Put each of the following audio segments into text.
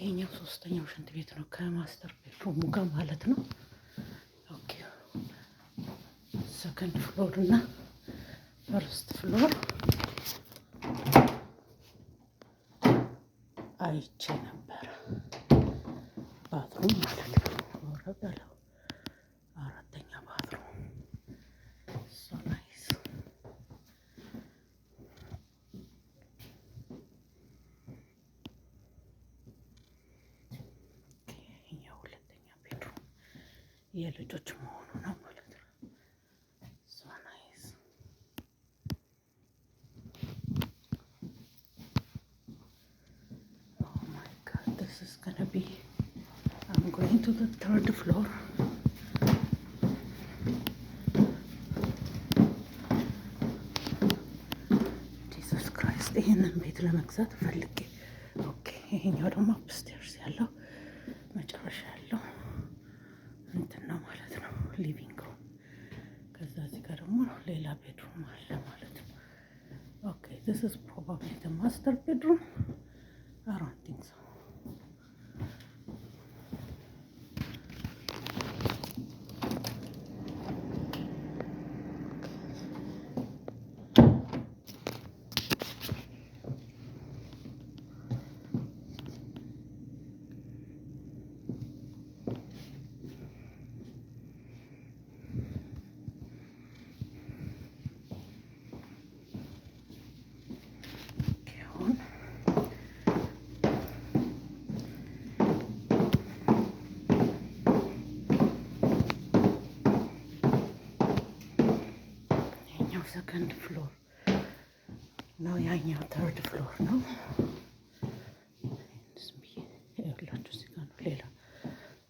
ይሄኛው ሶስተኛው ሽንት ቤት ነው ከማስተር ቤድሩሙ ጋር ማለት ነው። ኦኬ ሰከንድ ፍሎር እና ፈርስት ፍሎር አይቼ ነበረ ባትሩም ማለት ነው። የልጆች መሆኑ ነው ማለት ነው። This is gonna be, I'm going to the third floor. ጂሰስ ክራይስት ይህንን ቤት ለመግዛት ፈልጌ። ኦኬ ይሄኛው ደግሞ አፕስቴርስ ያለው መጨረሻ ያለው bedroom. Okay, this is probably the master bedroom. I don't think so. ሰከንድ ፍሎር ነው። ያኛው ተርድ ፍሎር ነው። ይኸውላችሁ እዚህ ጋር ነው። ሌላ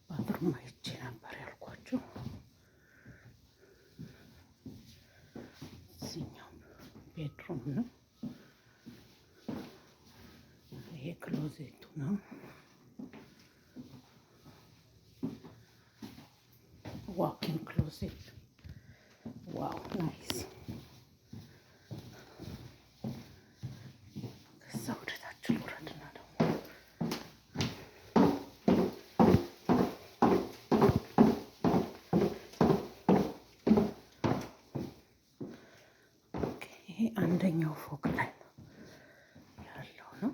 ባትሩም አይቼ ነበር ያልኳችሁ። እዚህኛው ቤድሩም ነው። ይሄ ክሎዜቱ ነው። ዋኪን ክሎዜት ዋው ናይስ አንደኛው ፎቅ ላይ ነው ያለው ነው።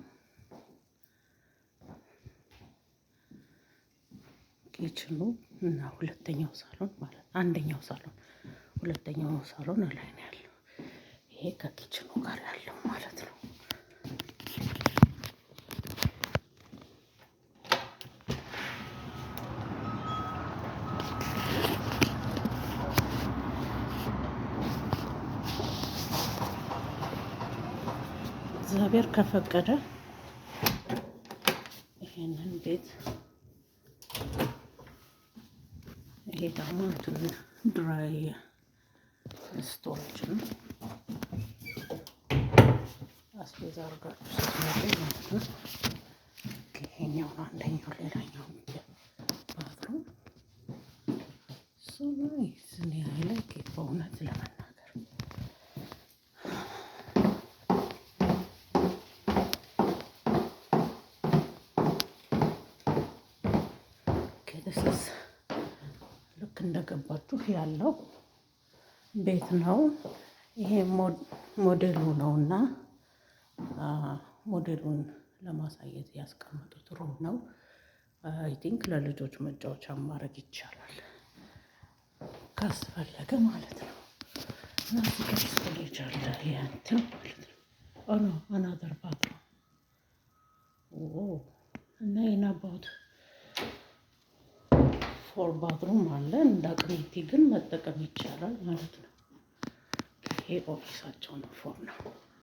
ኪችኑ እና ሁለተኛው ሳሎን ማለት አንደኛው ሳሎን ሁለተኛው ሳሎን ላይ ነው ያለው። ይሄ ከኪችኑ ጋር ያለው ማለት ነው። እግዚአብሔር ከፈቀደ ይሄንን ቤት ይሄ ደግሞ እንትን ድራይ ስቶሬጅ ነው። አስቤዛ አርጋችሁ ስትመጡ ማለት ነው። ይሄኛው አንደኛው ሌላኛው ባትሩ ሶ ናይስ። እኔ አይ ላይክ በእውነት ለመን ዲስስ ልክ እንደገባችሁ ያለው ቤት ነው። ይሄ ሞዴሉ ነው እና ሞዴሉን ለማሳየት ያስቀመጡት ሩም ነው። አይ ቲንክ ለልጆች መጫወቻ ማድረግ ይቻላል ካስፈለገ ማለት ነው። እና ስቶሬጅ አለ ማለት ነው። ኦ ኖ አናዘር ባትሮም እና ይናባሁት ፎር ባትሩም አለ። እንደ አቅሜቴ ግን መጠቀም ይቻላል ማለት ነው። ይሄ ኦፊሳቸው ነው፣ ፎር ነው።